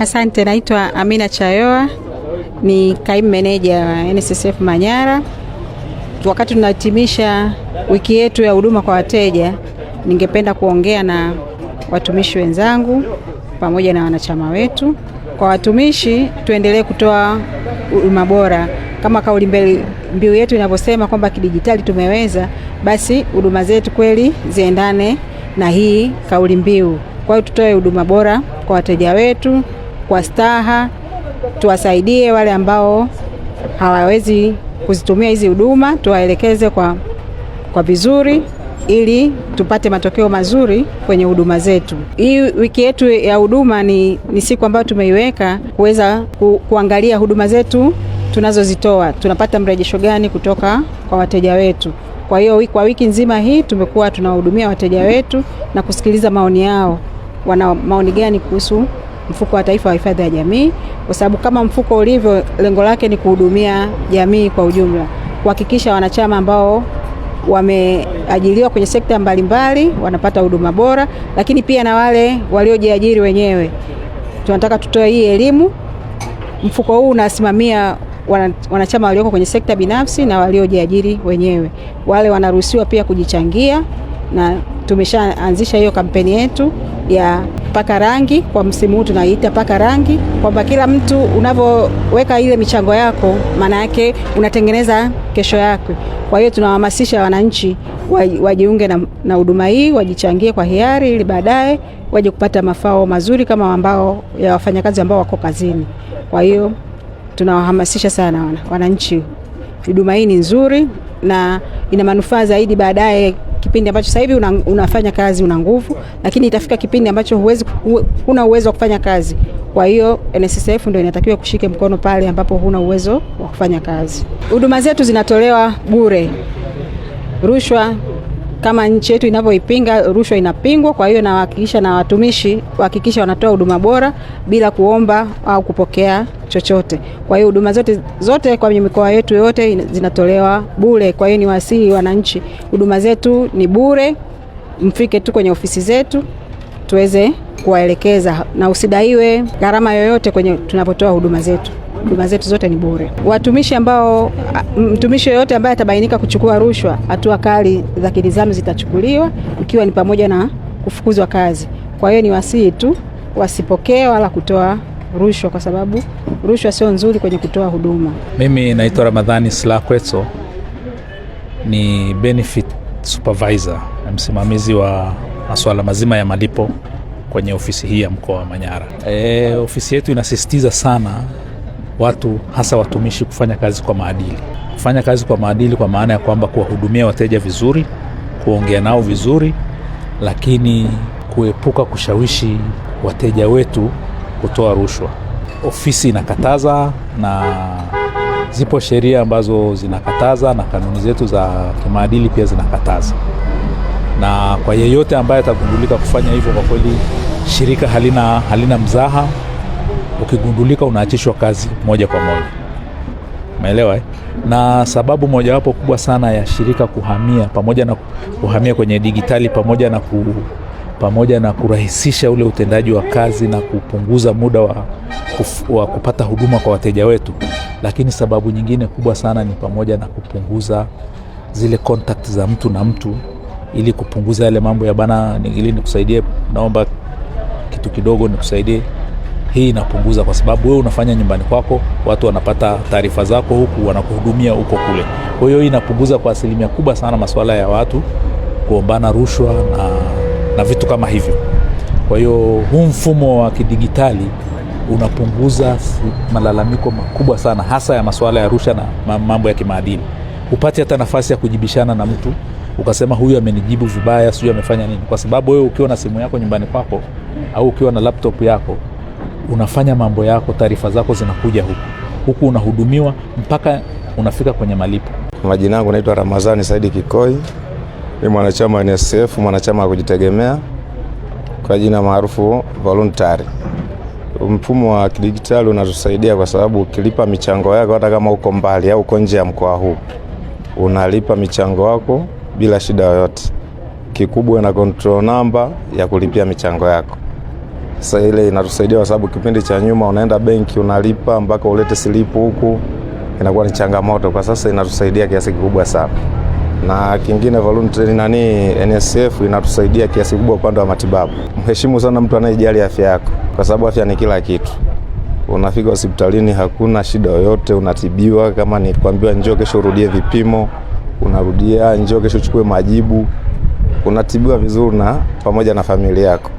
Asante, naitwa Amina Chayoa, ni kaimu meneja wa NSSF Manyara. Wakati tunahitimisha wiki yetu ya huduma kwa wateja, ningependa kuongea na watumishi wenzangu pamoja na wanachama wetu. Kwa watumishi, tuendelee kutoa huduma bora kama kauli mbiu yetu inavyosema kwamba kidijitali tumeweza, basi huduma zetu kweli ziendane na hii kauli mbiu. Kwa hiyo tutoe huduma bora kwa wateja wetu kwa staha, tuwasaidie wale ambao hawawezi kuzitumia hizi huduma, tuwaelekeze kwa kwa vizuri ili tupate matokeo mazuri kwenye huduma zetu. Hii wiki yetu ya huduma ni, ni siku ambayo tumeiweka kuweza ku, kuangalia huduma zetu tunazozitoa, tunapata mrejesho gani kutoka kwa wateja wetu. Kwa hiyo kwa wiki nzima hii tumekuwa tunawahudumia wateja wetu na kusikiliza maoni yao, wana maoni gani kuhusu mfuko wa taifa wa hifadhi ya jamii, kwa sababu kama mfuko ulivyo, lengo lake ni kuhudumia jamii kwa ujumla, kuhakikisha wanachama ambao wameajiriwa kwenye sekta mbalimbali mbali, wanapata huduma bora, lakini pia na wale waliojiajiri wenyewe. Tunataka tutoe hii elimu. Mfuko huu unasimamia wanachama walioko kwenye sekta binafsi na waliojiajiri wenyewe, wale wanaruhusiwa pia kujichangia, na tumeshaanzisha hiyo kampeni yetu ya paka rangi, kwa msimu huu tunaiita paka rangi, kwamba kila mtu unavyoweka ile michango yako, maana yake unatengeneza kesho yako. Kwa hiyo tunawahamasisha wananchi wajiunge na huduma hii, wajichangie kwa hiari, ili baadaye waje kupata mafao mazuri kama ambao ya wafanyakazi ambao wako kazini. Kwa hiyo tunawahamasisha sana wananchi, huduma hii ni nzuri na ina manufaa zaidi baadaye kipindi ambacho sasa hivi una, unafanya kazi una nguvu, lakini itafika kipindi ambacho huwezi, huna uwezo wa kufanya kazi. Kwa hiyo NSSF ndio inatakiwa kushike mkono pale ambapo huna uwezo wa kufanya kazi. Huduma zetu zinatolewa bure, rushwa kama nchi yetu inavyoipinga rushwa inapingwa. Kwa hiyo nawahakikisha na watumishi wahakikisha wanatoa huduma bora bila kuomba au kupokea chochote. Kwa hiyo huduma zote zote kwenye mikoa yetu yote zinatolewa bure. Kwa hiyo ni wasihi wananchi, huduma zetu ni bure, mfike tu kwenye ofisi zetu tuweze kuwaelekeza na usidaiwe gharama yoyote kwenye tunapotoa huduma zetu huduma zetu zote ni bure. Watumishi ambao mtumishi yoyote ambaye atabainika kuchukua rushwa, hatua kali za kinizamu zitachukuliwa ikiwa ni pamoja na kufukuzwa kazi. Kwa hiyo ni wasihi tu wasipokee wala kutoa rushwa, kwa sababu rushwa sio nzuri kwenye kutoa huduma. Mimi naitwa Ramadhani Slakweso, ni benefit supervisor, msimamizi wa masuala mazima ya malipo kwenye ofisi hii ya mkoa wa Manyara. E, ofisi yetu inasisitiza sana watu hasa watumishi kufanya kazi kwa maadili. Kufanya kazi kwa maadili kwa maana ya kwamba kuwahudumia wateja vizuri, kuongea nao vizuri, lakini kuepuka kushawishi wateja wetu kutoa rushwa. Ofisi inakataza na zipo sheria ambazo zinakataza na kanuni zetu za kimaadili pia zinakataza, na kwa yeyote ambaye atagundulika kufanya hivyo, kwa kweli shirika halina, halina mzaha ukigundulika unaachishwa kazi moja kwa moja, umeelewa eh? Na sababu mojawapo kubwa sana ya shirika kuhamia pamoja na kuhamia kwenye digitali pamoja na ku, pamoja na kurahisisha ule utendaji wa kazi na kupunguza muda wa, kuf, wa kupata huduma kwa wateja wetu, lakini sababu nyingine kubwa sana ni pamoja na kupunguza zile contact za mtu na mtu, ili kupunguza yale mambo ya bana, ili nikusaidie, naomba kitu kidogo, nikusaidie hii inapunguza, kwa sababu wewe unafanya nyumbani kwako, watu wanapata taarifa zako huku, wanakuhudumia huko kule. Kwa hiyo hii inapunguza kwa asilimia kubwa sana masuala ya watu kuombana rushwa na, na vitu kama hivyo. Kwa hiyo huu mfumo wa kidigitali unapunguza malalamiko makubwa sana, hasa ya masuala ya rushwa na mambo ya kimaadili. Hupati hata nafasi ya kujibishana na mtu ukasema huyu amenijibu vibaya, sijui amefanya nini, kwa sababu wewe ukiwa na simu yako nyumbani kwako au ukiwa na laptop yako unafanya mambo yako, taarifa zako zinakuja huku huku, unahudumiwa mpaka unafika kwenye malipo. Majina yangu naitwa Ramadhani Saidi Kikoi, ni mwanachama wa NSSF, mwanachama wa kujitegemea kwa jina maarufu voluntary. Mfumo wa kidijitali unatusaidia kwa sababu ukilipa michango yako hata kama uko mbali au uko nje ya mkoa huu, unalipa michango wako bila shida yoyote. Kikubwa na control namba ya kulipia michango yako. Sasa ile inatusaidia kwa sababu kipindi cha nyuma unaenda benki unalipa mpaka ulete silipu huku inakuwa ni changamoto. Kwa sasa inatusaidia kiasi kikubwa sana, na kingine voluntary nani NSF inatusaidia kiasi kikubwa upande wa matibabu. Mheshimu sana mtu anayejali afya yako, kwa sababu afya ni kila kitu. Unafika hospitalini hakuna shida yoyote, unatibiwa. Kama ni kuambiwa njoo kesho urudie vipimo, unarudia. Njoo kesho uchukue majibu, unatibiwa vizuri na pamoja na familia yako.